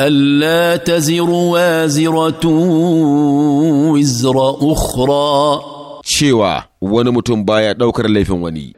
ألا تزر وازرة وزر أخرى cewa wani mutum baya ɗaukar laifin wani